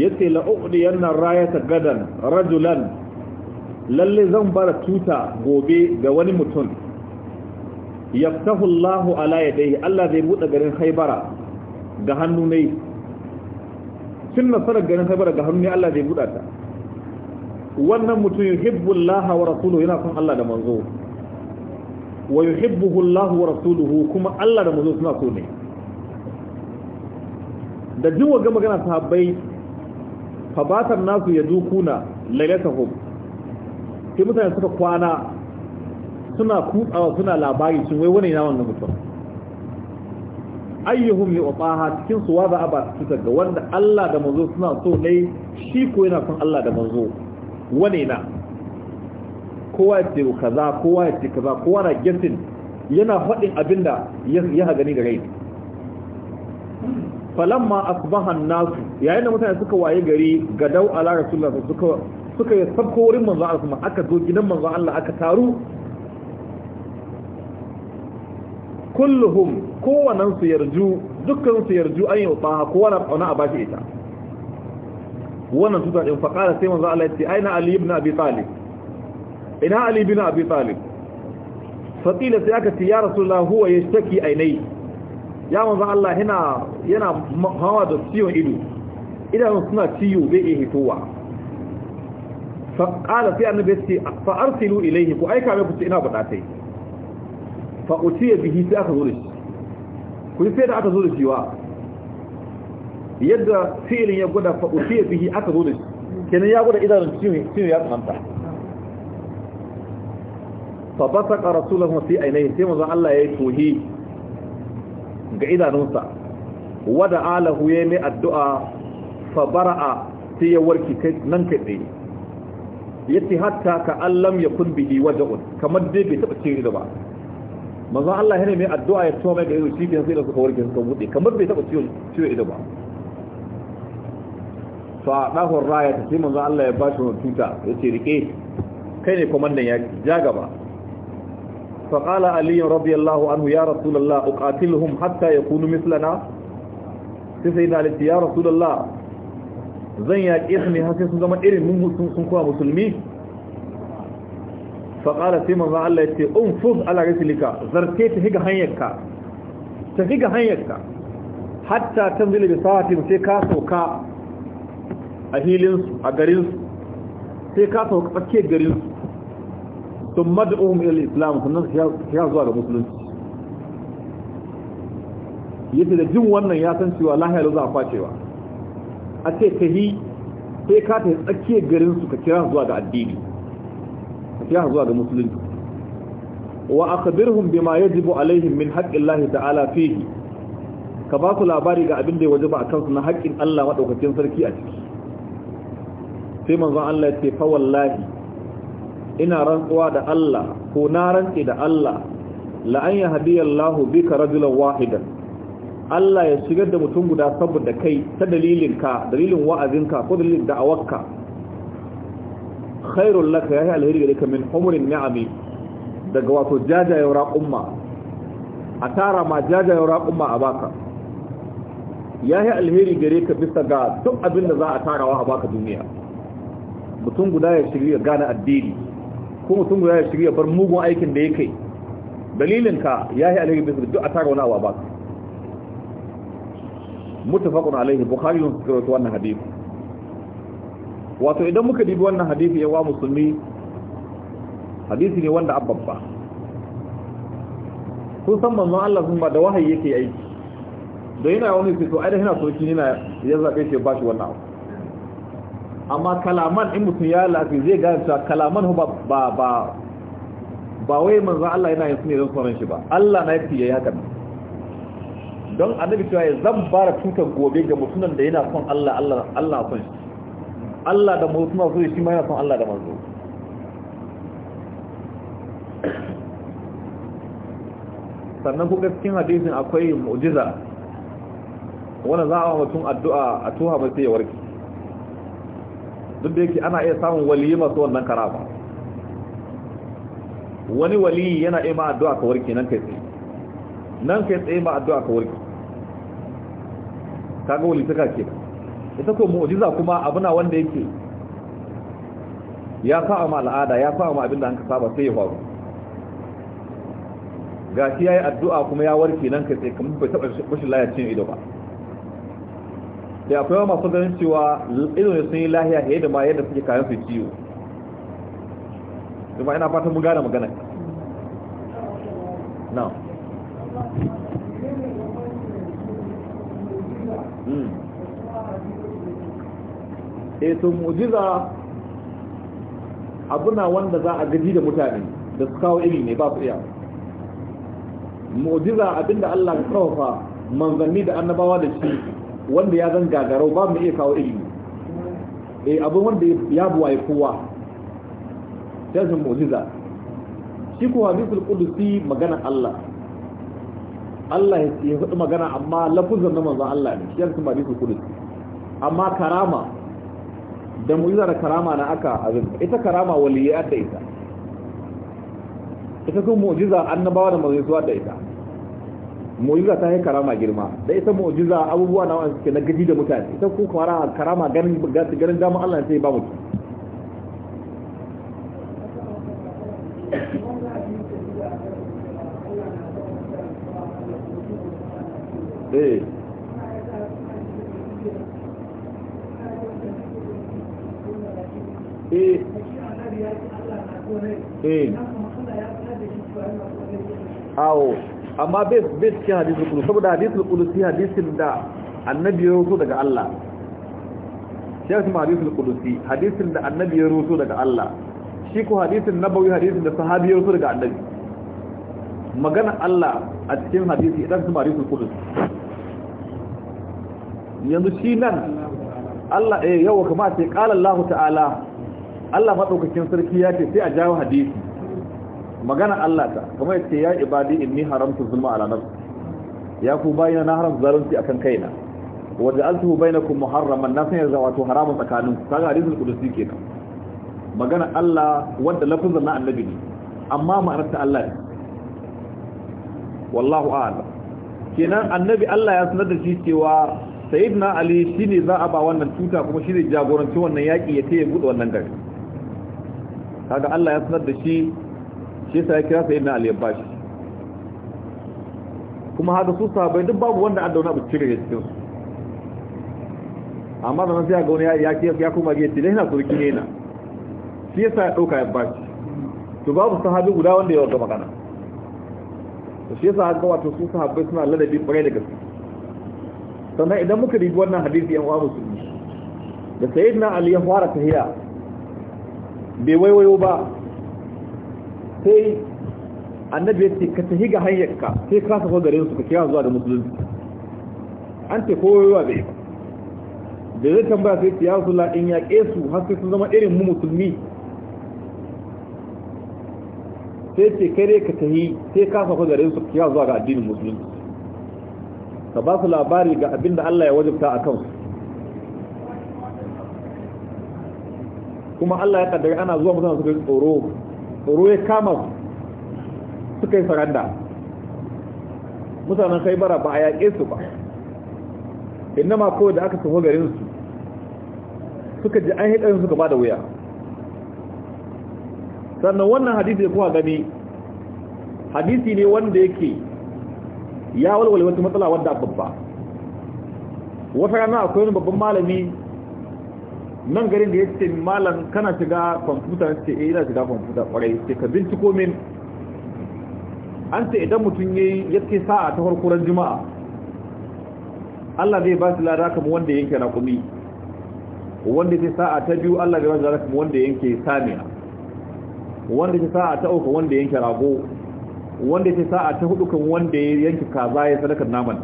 yace la anna rayata gadan rajulan lalle zan bara tuta gobe ga wani mutum yaftahu Allahu ala yadayhi Allah zai buɗe garin khaybara ga hannu ne tun nasarar garin khaybara ga hannu ne Allah zai buɗa ta wannan mutum Allah wa rasuluhu yana son Allah da manzo wa yuhibbuhu Allah wa rasuluhu kuma Allah da manzo suna so ne da jin waga magana sahabbai fa batar nasu ya dukuna lailatahum sai mutane suka kwana suna kutsawa suna labari sun wai wani na wannan mutum ayyuhum yu'taha cikin su wa za a ba su ga wanda Allah da manzo suna so ne shi ko yana son Allah da manzo wane na kowa ce kaza kowa ya ce kaza kowa na gesin yana faɗin abinda ya gani da rai falamma asbahan nasu yayin da mutane suka waye gari gadau ala rasulullah suka suka yi sabko wurin manzo Allah kuma aka zo gidan manzo Allah aka taru kulluhum kowanan su yarju dukkan su yarju an yi tsaha, kowa na kauna a bashi ita wannan tuta din fa sai manzo Allah ya ce aina ali ibn abi talib ina ali ibn abi talib fatila sai aka ce ya rasulullah huwa yashtaki ainai ya manzo Allah yana yana hawa da ciwon ido idan suna ciwo bai iya hitowa fa qala sai annabi ce fa arsilu ilayhi ku aika mai ku ce ina bukatai fa utiya bihi sai aka zo da shi ku sai da aka zo da shi wa yadda filin ya gwada fa usiya bihi aka zo da shi kenan ya gwada idanun ciwo ya tsananta fa basaka rasulahu fi ainihi sai manzon Allah ya yi tohi ga idanunsa wada alahu ya mai addu'a fa bara'a sai ya warki kai nan kai dai yati hatta ka allam yakun bihi waja'un kamar dai bai taba ciwo da ba manzon Allah ya ne mai addu'a ya tuma mai ga ido shi sai da suka warke suka bude kamar bai taba ciwo ciwo ido ba fa dahu raya ta sai manzo Allah ya ba shi tuta ce rike kai ne komandan ya ja gaba fa qala ali radiyallahu anhu ya rasulullah uqatiluhum hatta yakunu mislana sai sai da ali ya rasulullah zan ya su ne har sai sun zama irin mun sun kuma musulmi fa qala sai manzo Allah yace unfuz ala rislika zarke ta higa hanyarka ta higa hanyarka hatta tanzila bi sa'atin sai ka soka a hilinsu a garinsu sai ka sauka tsakiyar garinsu sun mad'uhum ila islam sannan ya zuwa ga musulunci yace da jin wannan ya san cewa lahiya za a kwacewa a ce ka yi sai ka ta tsakiyar garinsu ka kira zuwa ga addini ka kira zuwa ga musulunci wa akhbirhum bima jibo alaihim min lahi ta'ala fihi ka ba ku labari ga abin da ya ba a kansu na haƙƙin Allah maɗaukacin sarki a ciki sai manzon Allah ya ce fa wallahi ina rantsuwa da Allah ko na rantsi da Allah la an yahdiyallahu bika rajulan wahidan Allah ya shigar da mutum guda saboda kai ta dalilinka dalilin wa'azinka ko dalilin da'awarka khairul ya yahi alheri gare ka min humurin ni'ami daga wato jajayen raqumma a tara ma jajayen raqumma a baka ya yahi alheri gare ka bisa ga duk abin da za a tarawa a baka duniya mutum guda ya shirya gane addini ko mutum guda ya shirya bar mugun aikin da ya kai dalilinka ya yi alheri bisa duk a tara wani abu ba mutafaqun alaihi bukhari ne suka rawaito wannan hadith wato idan muka dibi wannan ya yawa musulmi hadith ne wanda ba kun san manzon Allah sun ba da wahayi yake aiki da yana wani fito ai da yana so yana ya zabe shi ba shi wannan abu amma kalaman in mutum ya lafi zai gane cewa kalaman ba ba ba ba wai manzo Allah yana yin sunne don sauran shi ba Allah na yi yayi haka don annabi cewa ya bara tutar gobe ga mutumin da yana son Allah Allah Allah son shi Allah da mutum so shi ma yana son Allah da manzo sannan kuka cikin hadisin akwai mu'jiza wanda za a wa mutum addu'a a tuha ba sai ya warke duk da yake ana iya samun waliyi masu wannan karama wani waliyi yana iya ma addu'a ka warke nan kai tsaye nan kai tsaye ma addu'a ka warke kaga wali suka ke ita ko mu'jiza kuma abuna wanda yake ya fa'a ma al'ada ya fa'a ma da an ka saba sai ya faru gashi yi addu'a kuma ya warke nan kai tsaye kamar bai taɓa shi kushin cin ido ba da akwai masu ganin cewa ilimin sun yi lahiya da yadda ma yadda suke kayan su ciwo kuma ina fatan mu gane magana na hmm. e eh, to mu'jiza abuna wanda za a gaji da mutane da su kawo iri ne ba su iya mu'jiza abinda Allah ya kawo fa manzanni da annabawa da shi wanda ya zan gagarau ba mu iya kawo ilimi eh abin wanda ya buwaye kowa sai mu'jiza shi kuwa hadisul qudusi magana Allah Allah ya faɗi magana amma lafuzan na manzon Allah ne shi yasa hadisul qudusi amma karama da mu'jiza da karama na aka azin ita karama waliyya da ita ita kuma mu'jiza annabawa da manzon da ita mu'jiza ta yi karama girma da ita mu'jiza abubuwa na wani suke na gaji da mutane ita ku kwara karama ganin ganin dama Allah sai ba mutum eh eh eh awo amma bai bai cikin hadisul qudus saboda hadisul qudus shi hadisin da annabi ya rusu daga Allah shi ya kuma hadisul qudus hadisin da annabi ya rusu daga Allah shi ko hadisin nabawi hadisin da sahabi ya rusu daga annabi magana Allah a cikin hadisi idan kuma hadisul qudus yanzu shi nan Allah eh yawa kuma sai qala Allah ta'ala Allah madaukakin sarki ya ce sai a jawo hadisi magana Allah ta kuma yace ya ibadi inni haramtu zulma ala nafsi ya ku bayina na haram zalunci akan kaina wa ja'altuhu bainakum muharraman na ya wato haram tsakanin ku kaga hadisul qudusi kenan magana Allah wanda lafazin na annabi ne amma ma'anar ta Allah ne wallahu a'lam kenan annabi Allah ya sanar da shi cewa sayyidina ali shine za a ba wannan tuta kuma shine jagoranci wannan yaki ya taya gudu wannan gari kaga Allah ya sanar da shi shi yasa ya kira sai na Ali ya kuma haka su sabai duk babu wanda an dauna abu cikin ga amma da nan sai ga wani ya kiyar ya kuma ga tilai na turki ne na shi yasa ya ɗauka ya bashi to babu sahabi guda wanda ya wata magana to shi ya sa haka wato su sahabbai suna ladabi kwarai da gaske sannan idan muka ribi wannan hadisi yan uwa musulmi da sayyidina Ali ya fara tahiya bai waiwayo ba sai annabi ya ce ka tafi ga hanyarka sai ka sako garin su ka kira zuwa da musulunci an ce koyowa bai da zai tambaya sai ya rasu in ya su har sai sun zama irin mu musulmi sai ce kare ka tafi sai ka sako garin su kira zuwa ga addinin musulunci ka ba su labari ga abinda Allah ya wajabta a kansu kuma Allah ya kaddara ana zuwa mutane su ga tsoro tsoro ya kama suka yi faranda mutanen bara ba a yaƙe su ba inda ma kawai da aka tafi garinsu suka ji an haɗarin suka ba da wuya sannan wannan hadisi da kuwa gani hadisi ne wanda yake ya walwale wata matsala wadda babba wata rana akwai wani babban malami nan garin da ya ce malam kana shiga kwamfuta ce eh ina shiga kwamfuta kwarai ce ka binciko min an ce idan mutum ya ce sa'a ta farkuran juma'a Allah zai ba shi lada kama wanda yanke na kumi wanda ce sa'a ta biyu Allah zai ba shi lada kama wanda yanke samiya, wanda ce sa'a ta uku wanda yanke rago wanda ce sa'a ta hudu kama wanda yanke kaza ya sadaka naman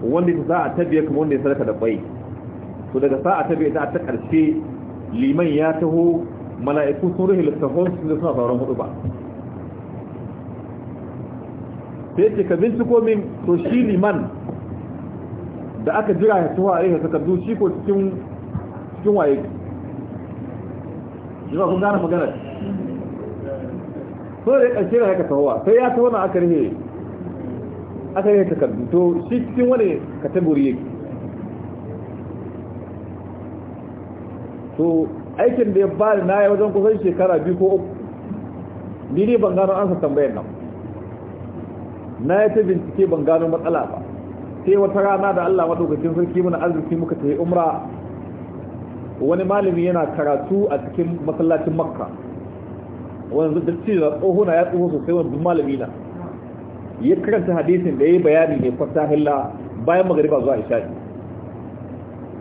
wanda ce sa'a ta biyar kamar wanda ya sadaka da kwai to daga sa'a ta bai ta ta karshe liman ya taho mala'iku sun ruhi littafon sun da suna sauran hudu ba sai ce ka binciko min to shi liman da aka jira ya tuwa a ta takardu shi ko cikin cikin waye shi ba kun gane magana ko da ya ƙarshe da haka tahowa sai ya taho na aka rihe aka rihe takardu to shi cikin wani kategori yake to aikin da ya ba ni na yi wajen kusan shekara biyu ko uku ni ne ban gano ansa tambayar nan na yi ta bincike ban gano matsala ba sai wata rana da Allah madaukakin sarki muna arziki muka tafi umra wani malami yana karatu a cikin masallacin makka wanzu da cewa tsohona ya tsoho sosai wani malami na ya karanta hadisin da ya yi bayani ne kwata hila bayan magariba zuwa isha'i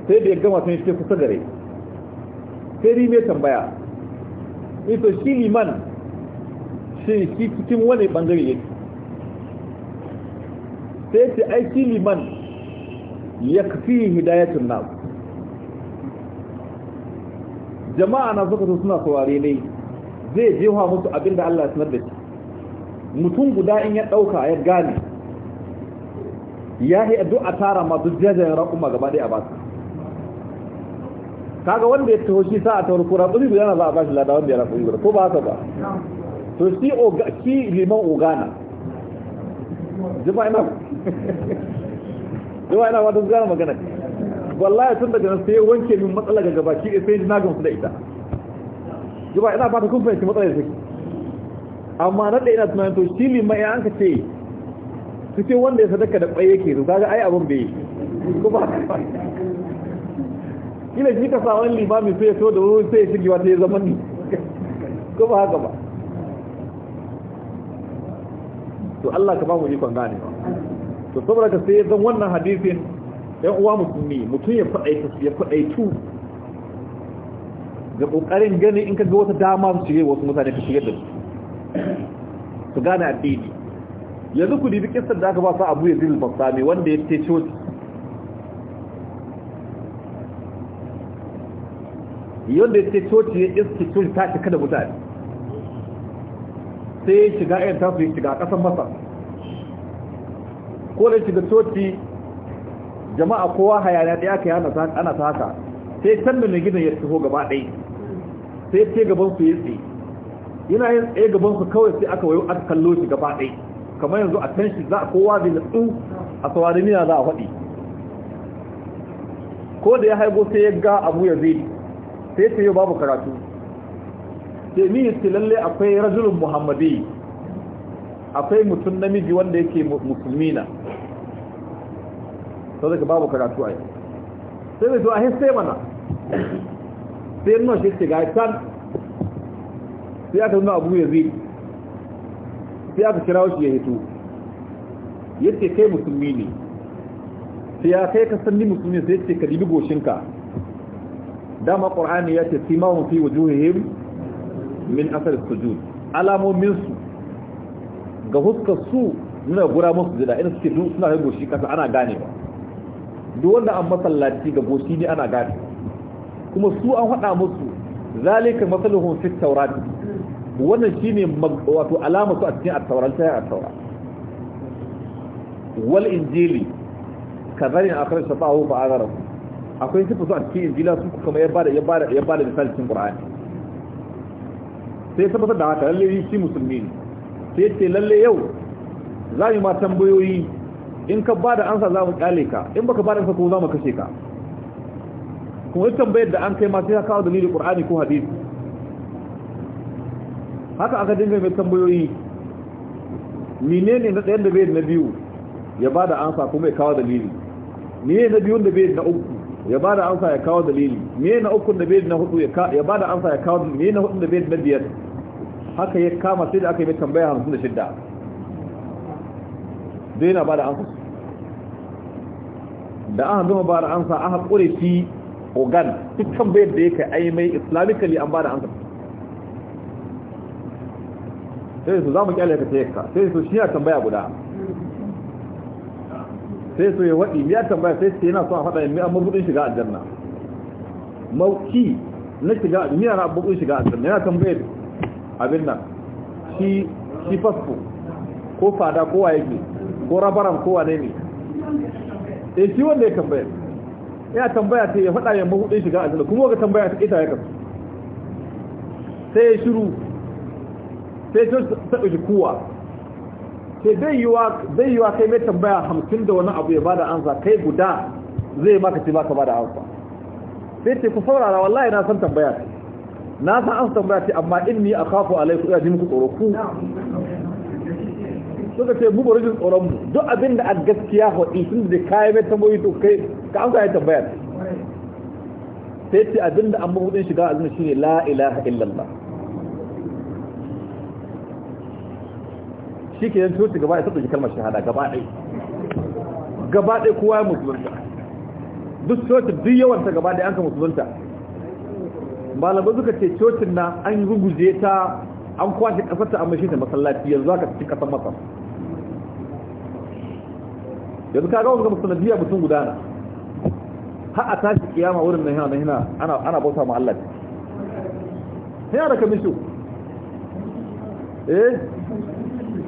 sai da ya gama sun shi kusa gare sai ya mai tambaya ita shi liman shi shi cikin wani bangare ne sai ce ai shi liman ya kafi hidayatun na jama'a na suka suna saurare ne zai jefa musu abinda Allah ya sanar da shi mutum guda in ya ɗauka ya gane ya yi addu'a tara masu jajayen raƙuma gaba ɗaya a basu kaga wanda ya taho shi sa a tawar kura tsuri na za a bashi lada wanda ya rafa yi ko ba haka ba to shi ki liman ogana jima ina jima ina wata gana magana ya tun daga nan sai wanke min matsala ga gabaki sai na gamsu da ita jima ina fata kun fahimci matsala da take amma na da ina tunanin to shi liman ya an ka ce su ce wanda ya sadaka da ɓaye ke, to kaga ai abin bai yi ba ta ba kila shi ka sa wani limami sai ya to da wani sai ya shige wata ya zama ni ko ba haka ba to Allah ka ba mu ikon gane to saboda ka sai zan wannan hadisin ɗan uwa musulmi mutum ya faɗaitu ya faɗaitu ga ƙoƙarin ganin in ka ga wata dama su shige wasu mutane ka shigar da su su gane addini yanzu ku dibi kistar da aka ba sa abu ya zil basami wanda ya ce coci yadda ya ce coci ya iske coci ta cika da mutane sai ya shiga irin tasu ya shiga kasan masa ko da shiga coci jama'a kowa hayana ɗaya ka yana ana ta haka sai can da mai gidan ya taho gaba ɗai sai ce gaban su ya tsaye yana yin tsaye gaban su kawai sai aka wayo aka kallo shi gaba ɗai kamar yanzu a can shi za a kowa zai natsu a saurari nina za a faɗi ko da ya haigo sai ya ga abu ya zai sai ce yau babu karatu sai ni yi lalle akwai rajulun muhammadi akwai mutum namiji wanda yake musulmina sau daga babu karatu a yau sai mai zuwa hin sai mana sai yin shi ce ga can sai aka nuna abu ya zai sai aka kira wasu ya hito yace kai musulmi ne sai ya kai ka ni musulmi sai ce ka dibi goshinka dama qur'ani ya ce simahum fi wujuhihim min asar sujud alamomin su ga huska su nuna gura musu jira in suke duk suna yin goshi kasa ana gane ba. duk wanda an masallaci ga goshi ne ana gane kuma su an faɗa musu zalika masaluhum fi tawrat wannan shine wato alama su a cikin at-tawrat sai at-tawrat wal injili kazarin akhir shafahu fa azara akwai sifa zuwa cikin injila sun kuma ya bada ya bada ya bada misali cikin qur'ani sai tabbatar da haka lalle shi musulmi ne sai ce lalle yau za mu ma tambayoyi in ka bada ansa za mu kyale ka in baka bada ansa ko za mu kashe ka kuma ita tambayar da an kai ma sai ka kawo dalilin qur'ani ko hadisi haka aka dinga mai tambayoyi menene na ɗayan da bai na biyu ya bada ansa kuma ya kawo dalili menene na biyun da bai na uku ya ba da amsa ya kawo dalili me na ukun da bai na hudu ya ba da amsa ya kawo me na hudun da bai na biyar haka ya kama sai da aka yi mai tambaya hamsin da shidda zai yana ba da amsa da aka zama ba da amsa aka kure fi ogan duk tambayar da ya kai ai mai islamically an ba da amsa sai su za mu kyale ka sai yakka sai su shi ya tambaya guda sai so ya waɗi ya tambaya sai ce yana so a faɗa mai mabuɗin shiga aljanna mauki na shiga miya na mabudin shiga aljanna yana tambayar abin nan shi shi fasfo ko fada ko waye ne ko rabaran ko wane ne eh shi wanda ya tambaya ya tambaya sai ya faɗa mai mabuɗin shiga aljanna kuma ga tambaya ta ita ya kasu sai ya shiru sai ta shi kuwa sai yi wa kai mai tambaya hamsin da wani abu ya bada ansa kai guda zai maka ce baka bada ansa sai ce ku saurara wallahi na san tambaya ce na san an tambaya ce amma inni akhafu alaikum ya ji muku tsoro ku suka ce mu bari jin tsoron mu duk abin da a gaskiya hodi sun da kai mai tambayoyi to kai ka an kai tambaya sai ce abin da an mahudin shiga azumi shine la ilaha illallah shi ke yin coci gaba ya sassauki kalmar shahada gaba ɗai gaba ɗai kowa ya musulunta duk coci duk yawanta gaba ɗai an ka musulunta malamai suka ce cocin na an yi ruguje ta an kwashe ƙasarta a mashi ta masallaci yanzu aka ci ƙasar masar yanzu ka gawa ga musulunta mutum gudana har a tashi kiyama wurin na hina ana bauta ma Allah ne yana da kamisho eh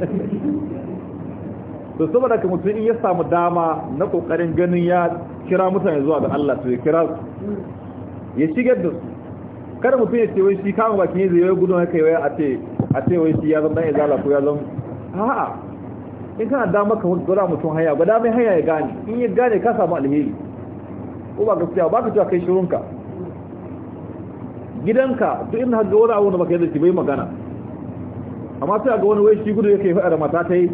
to saboda ka mutum in ya samu dama na kokarin ganin ya kira mutane zuwa ga Allah to ya kira su ya shigar da su kada mutum ya ce wai shi kama baki ne zai yi gudun haka yi a ce a ce wai shi ya zama dan izala ko ya zama a'a in kana dama ka gura mutum haya ba mai haya ya gane in ya gane ka samu alheri ko ba gaskiya ba ka cewa kai shirunka gidanka duk inda hajji wani abu da baka yadda ki bai magana amma sai ga wani wai shi gudu yake faɗa da mata ta yi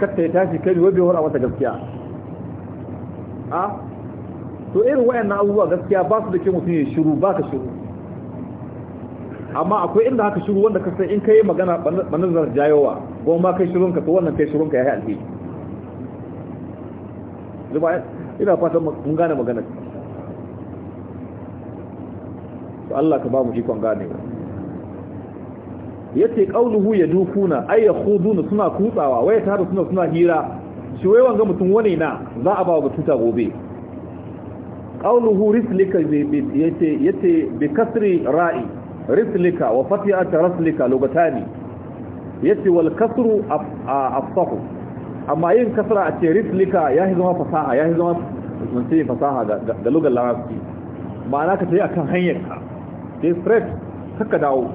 katta ya tashi kai wai bai hora mata gaskiya a to irin wayannan abubuwa gaskiya ba su da ke mutum ya shiru ba ka shiru amma akwai inda haka shiru wanda ka san in kai magana banazar jayowa goma ma kai shirun ka to wannan kai shirun ka yi alhi zuba ina fatan mun gane magana to Allah ka ba mu ikon ganewa yace qauluhu yadukuna ay yakhuduna suna kutsawa waye ta suna suna hira shi wai wanga mutun wane na za a ba wa tuta gobe qauluhu rislika yace yace bi kasri ra'i rislika wa fati'at raslika lugatani yace wal kasru afsahu amma yin kasra a ce rislika ya zama fasaha ya zama mutum fasaha ga lugal lafi ma'ana ka tayi akan hanyar ka sai fresh kaka dawo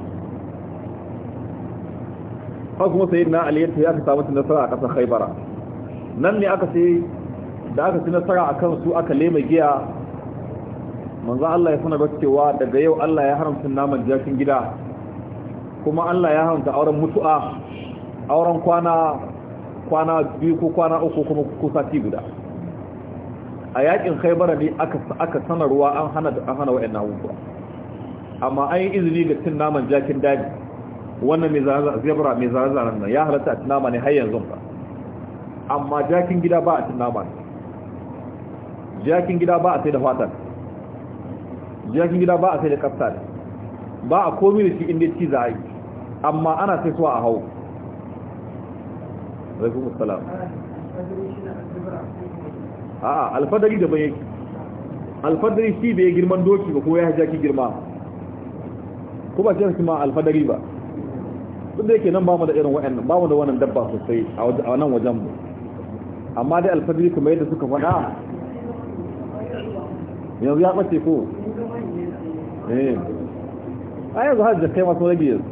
ko kuma sai na ali ya aka samu nasara a kasar khaybara nan ne aka sai da aka ci nasara akan su aka lema giya manzo Allah ya sanar cewa daga yau Allah ya haramta naman jakin gida kuma Allah ya haramta auren mutu'a auren kwana kwana biyu ko kwana uku kuma ko sati guda a yakin khaybara ne aka aka sanarwa an hana an hana wa'annan abubuwa amma an yi izini ga cin naman jakin daji wannan mai zebra mai zarazaran nan ya halatta a tunama ne har yanzu ba amma jakin gida ba a tunama ne jakin gida ba a sai da fatan jakin gida ba a sai da kafta ne ba a komi da shi inda ci za a yi amma ana sai suwa a hau zaifu musulam a'a alfadari da bayan alfadari shi bai girman doki ba ko ya jaki girma ko ba ce ma alfadari ba duk da yake nan ba mu da irin wa'annan ba mu da wannan dabba sosai a nan wajen mu amma dai alfajiri kuma yadda suka faɗa yanzu ya ɓace ko eh a yanzu hajjar kai masu rage yanzu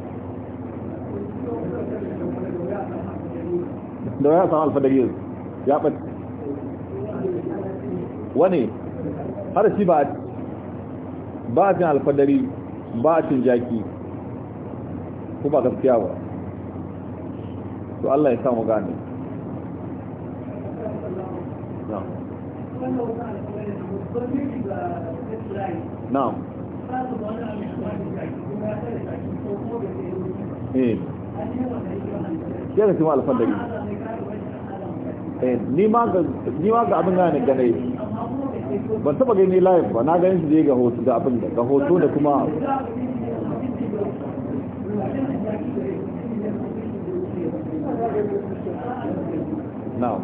da ya samu alfajiri yanzu ya ɓace wani har shi ba a cin alfajiri ba a cin jaki ko ba gaskiya ba to Allah ya sa mu gane na'am eh. ya ga kuma alfan da yi eh, ni ma ga abin gane gane ban taba gani live ba na ganin shi ga hoto da abin da ga hoto da kuma na'am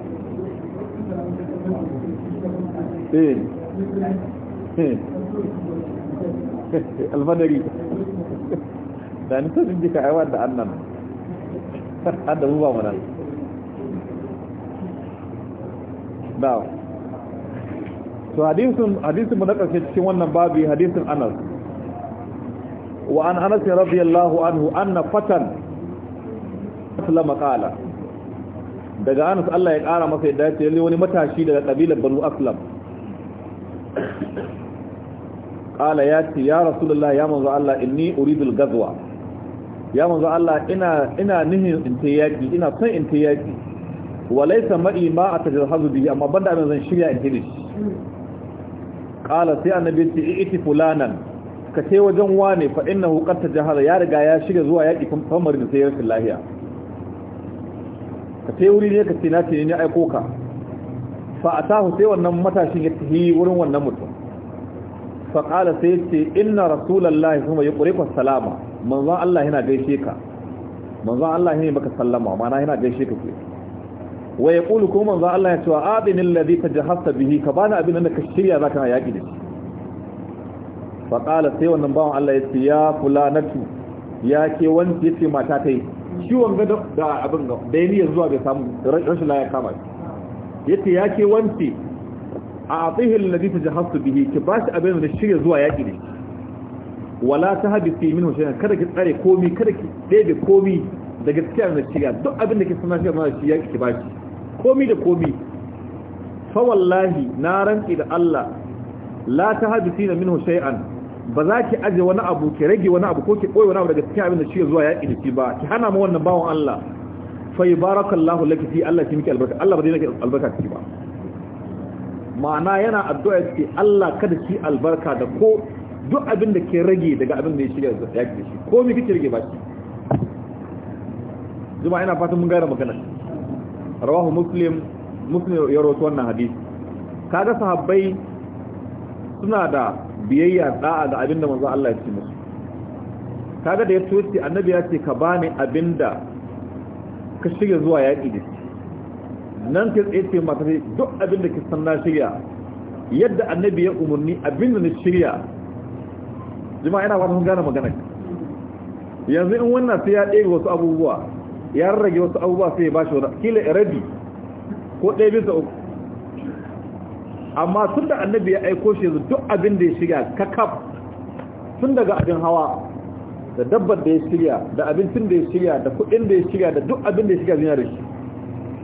eh eh almadari da ni sanin jika aiwa da annan har da buba mana da to hadisin hadisin mun karshe cikin wannan babu hadisin Anas wa an Anas radiyallahu anhu anna fatan aslama qala daga anas Allah ya kara masa yadda ce yalle wani matashi daga kabilar banu aslam Kala ya ce ya rasulullah ya manzo Allah inni uridu al-ghazwa ya manzo Allah ina ina nihin in ta yaki ina son in ta yaki walaysa ma'i ma atajhazu bihi amma banda abin zan shirya in hidi Kala sai annabi ce iti fulanan ka ce wajen wane fa innahu qad tajahala ya riga ya shiga zuwa yaki famar da sayar lahiya ka sai wuri ne ka ce na ce ne aiko ka fa a tahu sai wannan matashin ya tafi wurin wannan mutum fa qala sai ce inna rasulullahi kuma ya kure ka salama manzan Allah yana gaishe ka Manzan Allah ne maka sallama mana yana gaishe ka ke wa ya Kulu kuma manzon Allah ya ce wa adin alladhi tajahhasta bihi ka bani abin da ka shirya za zaka yaƙi da shi fa qala sai wannan bawan Allah ya ce ya fulanatu ya ke wanci ce mata ta yi. ciwon gada da abin ga. da ya niyyar zuwa bai samu rashin laya kama shi yace ya ke wance a ta alladhi tajahastu bihi ki ba shi abin da shirya zuwa yaƙi ne wala tahdisi minhu shay'an kada ki tsare komi kada ki ɗebe komi da gaskiya na shirya duk abin da ke sanar shi ma shi yaki ki ba bashi komi da komi fa wallahi na ranki da Allah la ta tahdisi minhu shay'an ba za ki aje wani abu ki rage wani abu ko ki boye wani abu daga cikin abin da shi zuwa yaƙi da shi ba ki hana ma wannan bawon Allah fa barakallahu laki fi Allah ki miki albarka Allah ba zai miki albarka ki ba ma'ana yana addu'a ki Allah kada ki albarka da ko duk abin da ke rage daga abin da ya shiga yaƙi da shi ko me kike rage ba ki juma'a ina fatan mun gaira magana rawahu muslim muslim ya rawaito wannan hadisi kaga sahabbai suna da biyayya da'a ga abinda manzo Allah ya ce musu kaga da ya toce annabi ya ce ka bani abinda ka shirya zuwa yaƙi da nan ka tsaye ce mata duk abinda ka san na shirya yadda annabi ya umarni abinda na shirya jama'a yana wata gane magana yanzu in wannan sai ya ɗebe wasu abubuwa ya rage wasu abubuwa sai ya bashi wani kila rabi ko ɗaya bisa uku amma tun da annabi ya aiko shi duk abin da ya shiga kakaf tun daga abin hawa da dabbar da ya shirya da abincin da ya shirya da kudin da ya shirya da duk abin da ya shiga zuwa da shi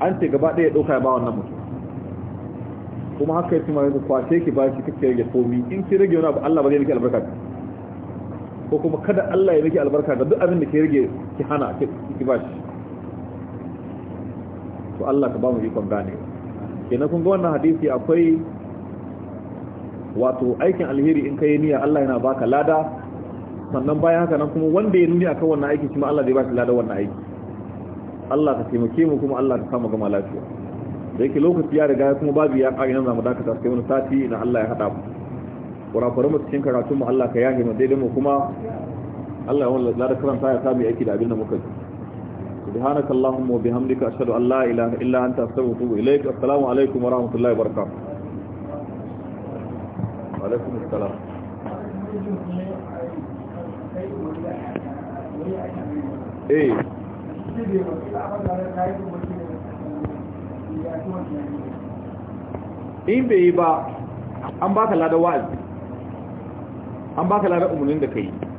an ce gaba ɗaya ɗauka ya ba wannan mutum kuma haka yake mai kwace ki ba shi kake rage komi in ki rage wani abu Allah ba zai miki albarka ko kuma kada Allah ya miki albarka da duk abin da ke rage ki hana ki ba shi to Allah ka ba mu ikon gane kenan kun ga wannan hadisi akwai wato aikin alheri in kai niyya Allah yana baka lada sannan bayan haka nan kuma wanda ya nuni akan wannan aiki kuma Allah zai baka lada wannan aiki Allah ka taimake mu kuma Allah ka samu gama lafiya da yake lokaci ya riga kuma babu ya kare nan zamu dakata sai wani sati idan Allah ya hada mu kura mu cikin karatu mu Allah ka yahe mu daidai mu kuma Allah ya wallahi lada karanta ya sami aiki da abin da muka ji bihamdika ashhadu an la ilaha illa anta astaghfiruka wa atubu وأتوب assalamu السلام wa rahmatullahi wa barakatuh عليكم السلام ايه in bai yi ba an baka lada wa'azi an baka lada umarnin da ka yi